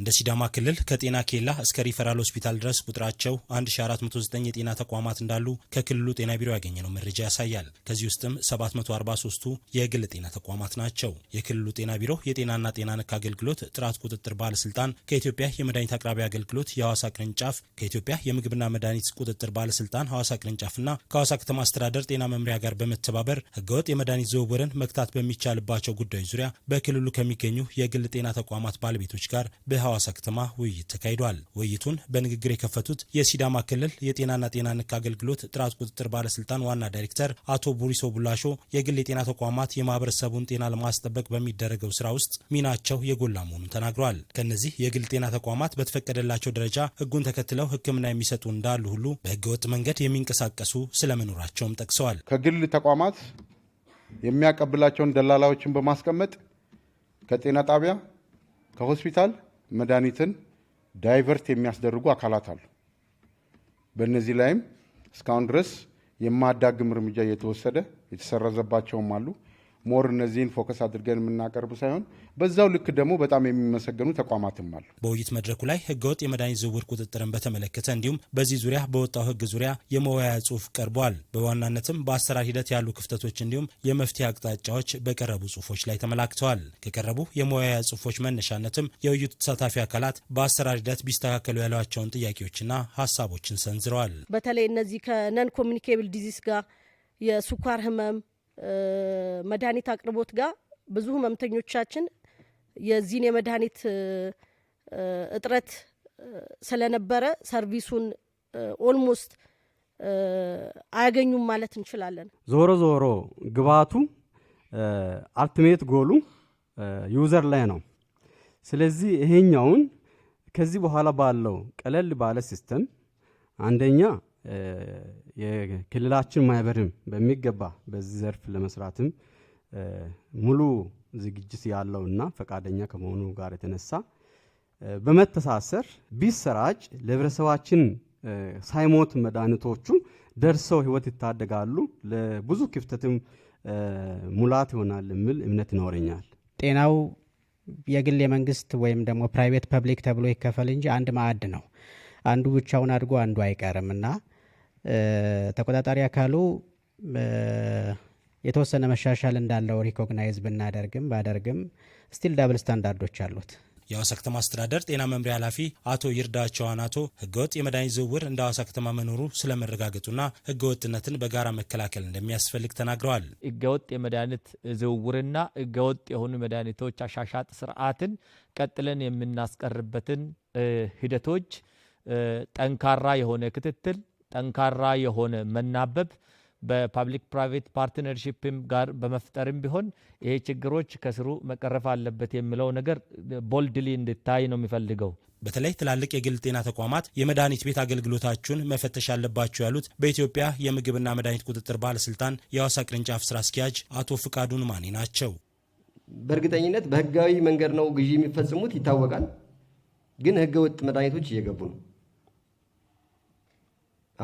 እንደ ሲዳማ ክልል ከጤና ኬላ እስከ ሪፈራል ሆስፒታል ድረስ ቁጥራቸው 1409 የጤና ተቋማት እንዳሉ ከክልሉ ጤና ቢሮ ያገኘነው መረጃ ያሳያል። ከዚህ ውስጥም 743ቱ የግል ጤና ተቋማት ናቸው። የክልሉ ጤና ቢሮ የጤናና ጤና ነክ አገልግሎት ጥራት ቁጥጥር ባለስልጣን ከኢትዮጵያ የመድኃኒት አቅራቢ አገልግሎት የሐዋሳ ቅርንጫፍ፣ ከኢትዮጵያ የምግብና መድኃኒት ቁጥጥር ባለስልጣን ሐዋሳ ቅርንጫፍና ከሐዋሳ ከተማ አስተዳደር ጤና መምሪያ ጋር በመተባበር ህገወጥ የመድኃኒት ዝውውርን መግታት በሚቻልባቸው ጉዳዮች ዙሪያ በክልሉ ከሚገኙ የግል ጤና ተቋማት ባለቤቶች ጋር በ በሐዋሳ ከተማ ውይይት ተካሂዷል። ውይይቱን በንግግር የከፈቱት የሲዳማ ክልል የጤናና ጤና ንክ አገልግሎት ጥራት ቁጥጥር ባለስልጣን ዋና ዳይሬክተር አቶ ቡሪሶ ቡላሾ የግል የጤና ተቋማት የማህበረሰቡን ጤና ለማስጠበቅ በሚደረገው ስራ ውስጥ ሚናቸው የጎላ መሆኑን ተናግረዋል። ከእነዚህ የግል ጤና ተቋማት በተፈቀደላቸው ደረጃ ህጉን ተከትለው ሕክምና የሚሰጡ እንዳሉ ሁሉ በህገወጥ መንገድ የሚንቀሳቀሱ ስለመኖራቸውም ጠቅሰዋል። ከግል ተቋማት የሚያቀብላቸውን ደላላዎችን በማስቀመጥ ከጤና ጣቢያ ከሆስፒታል መድኃኒትን ዳይቨርት የሚያስደርጉ አካላት አሉ። በእነዚህ ላይም እስካሁን ድረስ የማዳግም እርምጃ እየተወሰደ የተሰረዘባቸውም አሉ። ሞር እነዚህን ፎከስ አድርገን የምናቀርብ ሳይሆን በዛው ልክ ደግሞ በጣም የሚመሰገኑ ተቋማትም አሉ። በውይይት መድረኩ ላይ ህገወጥ የመድኃኒት ዝውውር ቁጥጥርን በተመለከተ እንዲሁም በዚህ ዙሪያ በወጣው ህግ ዙሪያ የመወያያ ጽሁፍ ቀርቧል። በዋናነትም በአሰራር ሂደት ያሉ ክፍተቶች እንዲሁም የመፍትሄ አቅጣጫዎች በቀረቡ ጽሁፎች ላይ ተመላክተዋል። ከቀረቡ የመወያያ ጽሁፎች መነሻነትም የውይይቱ ተሳታፊ አካላት በአሰራር ሂደት ቢስተካከሉ ያሏቸውን ጥያቄዎችና ሀሳቦችን ሰንዝረዋል። በተለይ እነዚህ ከነን ኮሚኒኬብል ዲዚስ ጋር የስኳር ህመም መድኃኒት አቅርቦት ጋር ብዙ ህመምተኞቻችን የዚህን የመድኃኒት እጥረት ስለነበረ ሰርቪሱን ኦልሞስት አያገኙም ማለት እንችላለን። ዞሮ ዞሮ ግባቱ አልቲሜት ጎሉ ዩዘር ላይ ነው። ስለዚህ ይሄኛውን ከዚህ በኋላ ባለው ቀለል ባለ ሲስተም አንደኛ የክልላችን ማህበርም በሚገባ በዚህ ዘርፍ ለመስራትም ሙሉ ዝግጅት ያለውና ፈቃደኛ ከመሆኑ ጋር የተነሳ በመተሳሰር ቢሰራጭ ለህብረተሰባችን ሳይሞት መድኃኒቶቹ ደርሰው ህይወት ይታደጋሉ፣ ለብዙ ክፍተትም ሙላት ይሆናል የሚል እምነት ይኖረኛል። ጤናው የግል የመንግስት ወይም ደግሞ ፕራይቬት ፐብሊክ ተብሎ ይከፈል እንጂ አንድ ማዕድ ነው። አንዱ ብቻውን አድጎ አንዱ አይቀርም እና ተቆጣጣሪ አካሉ የተወሰነ መሻሻል እንዳለው ሪኮግናይዝ ብናደርግም ባደርግም ስቲል ዳብል ስታንዳርዶች አሉት። የአዋሳ ከተማ አስተዳደር ጤና መምሪያ ኃላፊ አቶ ይርዳቸው አናቶ ህገወጥ የመድኃኒት ዝውውር እንደ አዋሳ ከተማ መኖሩ ስለመረጋገጡና ህገወጥነትን በጋራ መከላከል እንደሚያስፈልግ ተናግረዋል። ህገወጥ የመድኃኒት ዝውውርና ህገወጥ የሆኑ መድኃኒቶች አሻሻጥ ስርዓትን ቀጥለን የምናስቀርበትን ሂደቶች ጠንካራ የሆነ ክትትል ጠንካራ የሆነ መናበብ በፓብሊክ ፕራይቬት ፓርትነርሽፕም ጋር በመፍጠርም ቢሆን ይሄ ችግሮች ከስሩ መቀረፍ አለበት የሚለው ነገር ቦልድሊ እንድታይ ነው የሚፈልገው። በተለይ ትላልቅ የግል ጤና ተቋማት የመድኃኒት ቤት አገልግሎታችሁን መፈተሽ አለባቸው ያሉት በኢትዮጵያ የምግብና መድኃኒት ቁጥጥር ባለስልጣን የአዋሳ ቅርንጫፍ ስራ አስኪያጅ አቶ ፍቃዱ ማኔ ናቸው። በእርግጠኝነት በህጋዊ መንገድ ነው ግዢ የሚፈጽሙት ይታወቃል። ግን ህገ ወጥ መድኃኒቶች እየገቡ ነው።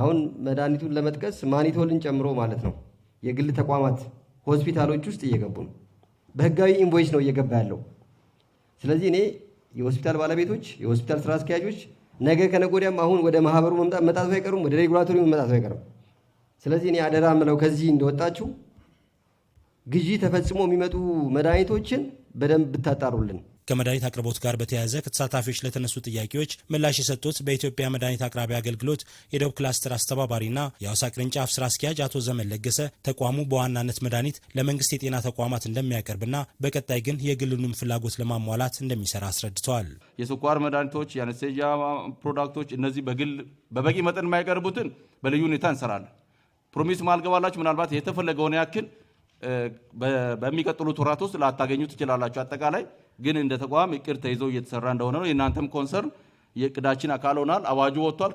አሁን መድኃኒቱን ለመጥቀስ ማኒቶልን ጨምሮ ማለት ነው የግል ተቋማት ሆስፒታሎች ውስጥ እየገቡ ነው። በህጋዊ ኢንቮይስ ነው እየገባ ያለው። ስለዚህ እኔ የሆስፒታል ባለቤቶች፣ የሆስፒታል ስራ አስኪያጆች ነገ ከነጎዲያም አሁን ወደ ማህበሩ መምጣት መጣቱ አይቀሩም፣ ወደ ሬጉላቶሪ መምጣቱ አይቀርም። ስለዚህ እኔ አደራ ምለው ከዚህ እንደወጣችሁ ግዢ ተፈጽሞ የሚመጡ መድኃኒቶችን በደንብ ብታጣሩልን ከመድኃኒት አቅርቦት ጋር በተያያዘ ከተሳታፊዎች ለተነሱ ጥያቄዎች ምላሽ የሰጡት በኢትዮጵያ መድኃኒት አቅራቢ አገልግሎት የደቡብ ክላስተር አስተባባሪና የአዋሳ ቅርንጫፍ ስራ አስኪያጅ አቶ ዘመን ለገሰ ተቋሙ በዋናነት መድኃኒት ለመንግስት የጤና ተቋማት እንደሚያቀርብና በቀጣይ ግን የግሉንም ፍላጎት ለማሟላት እንደሚሰራ አስረድተዋል። የስኳር መድኃኒቶች፣ የአነስቴዣ ፕሮዳክቶች እነዚህ በግል በበቂ መጠን የማይቀርቡትን በልዩ ሁኔታ እንሰራለን። ፕሮሚስ ማልገባላችሁ ምናልባት የተፈለገውን ያክል በሚቀጥሉት ወራት ውስጥ ላታገኙ ትችላላችሁ። አጠቃላይ ግን እንደ ተቋም እቅድ ተይዞ እየተሰራ እንደሆነ ነው። የእናንተም ኮንሰርን የእቅዳችን አካል ሆናል። አዋጁ ወጥቷል።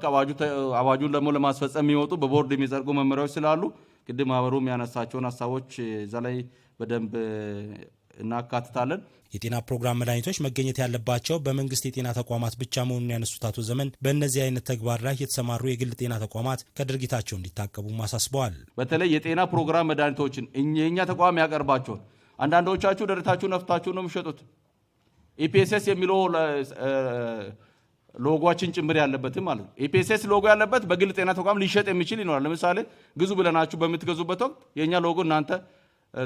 አዋጁን ደግሞ ለማስፈጸም የሚወጡ በቦርድ የሚጸድቁ መመሪያዎች ስላሉ ቅድም ማህበሩ የሚያነሳቸውን ሀሳቦች እዛ ላይ በደንብ እናካትታለን። የጤና ፕሮግራም መድኃኒቶች መገኘት ያለባቸው በመንግስት የጤና ተቋማት ብቻ መሆኑን ያነሱት አቶ ዘመን በእነዚህ አይነት ተግባር ላይ የተሰማሩ የግል ጤና ተቋማት ከድርጊታቸው እንዲታቀቡ አሳስበዋል። በተለይ የጤና ፕሮግራም መድኃኒቶችን የእኛ ተቋም ያቀርባቸውን አንዳንዶቻችሁ ደረታችሁ ነፍታችሁ ነው የሚሸጡት ኢፒኤስኤስ የሚለው ሎጓችን ጭምር ያለበትም ማለት ነው። ኢፒኤስኤስ ሎጎ ያለበት በግል ጤና ተቋም ሊሸጥ የሚችል ይኖራል። ለምሳሌ ግዙ ብለናችሁ በምትገዙበት ወቅት የእኛ ሎጎ እናንተ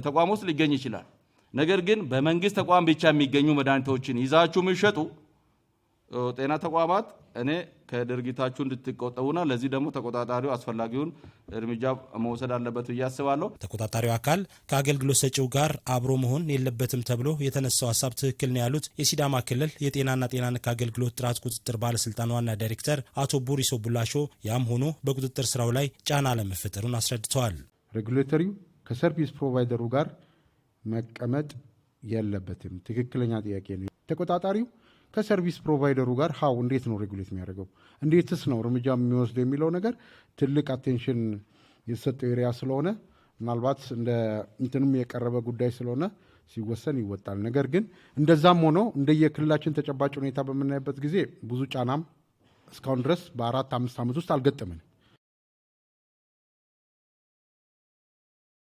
ተቋም ውስጥ ሊገኝ ይችላል። ነገር ግን በመንግስት ተቋም ብቻ የሚገኙ መድኃኒቶችን ይዛችሁ የሚሸጡ ጤና ተቋማት እኔ ከድርጊታችሁ እንድትቆጠቡና ለዚህ ደግሞ ተቆጣጣሪው አስፈላጊውን እርምጃ መውሰድ አለበት ብዬ አስባለሁ። ተቆጣጣሪው አካል ከአገልግሎት ሰጪው ጋር አብሮ መሆን የለበትም ተብሎ የተነሳው ሀሳብ ትክክል ነው ያሉት የሲዳማ ክልል የጤናና ጤና ነክ አገልግሎት ጥራት ቁጥጥር ባለስልጣን ዋና ዳይሬክተር አቶ ቡሪሶ ቡላሾ፣ ያም ሆኖ በቁጥጥር ስራው ላይ ጫና አለመፈጠሩን አስረድተዋል። ሬጉሌተሪው ከሰርቪስ ፕሮቫይደሩ ጋር መቀመጥ የለበትም። ትክክለኛ ጥያቄ ነው። ተቆጣጣሪው ከሰርቪስ ፕሮቫይደሩ ጋር ሀው እንዴት ነው ሬጉሌት የሚያደርገው እንዴትስ ነው እርምጃ የሚወስደው የሚለው ነገር ትልቅ አቴንሽን የተሰጠው ኤሪያ ስለሆነ ምናልባት እንደ እንትንም የቀረበ ጉዳይ ስለሆነ ሲወሰን ይወጣል። ነገር ግን እንደዛም ሆኖ እንደየክልላችን ተጨባጭ ሁኔታ በምናይበት ጊዜ ብዙ ጫናም እስካሁን ድረስ በአራት አምስት ዓመት ውስጥ አልገጠምንም።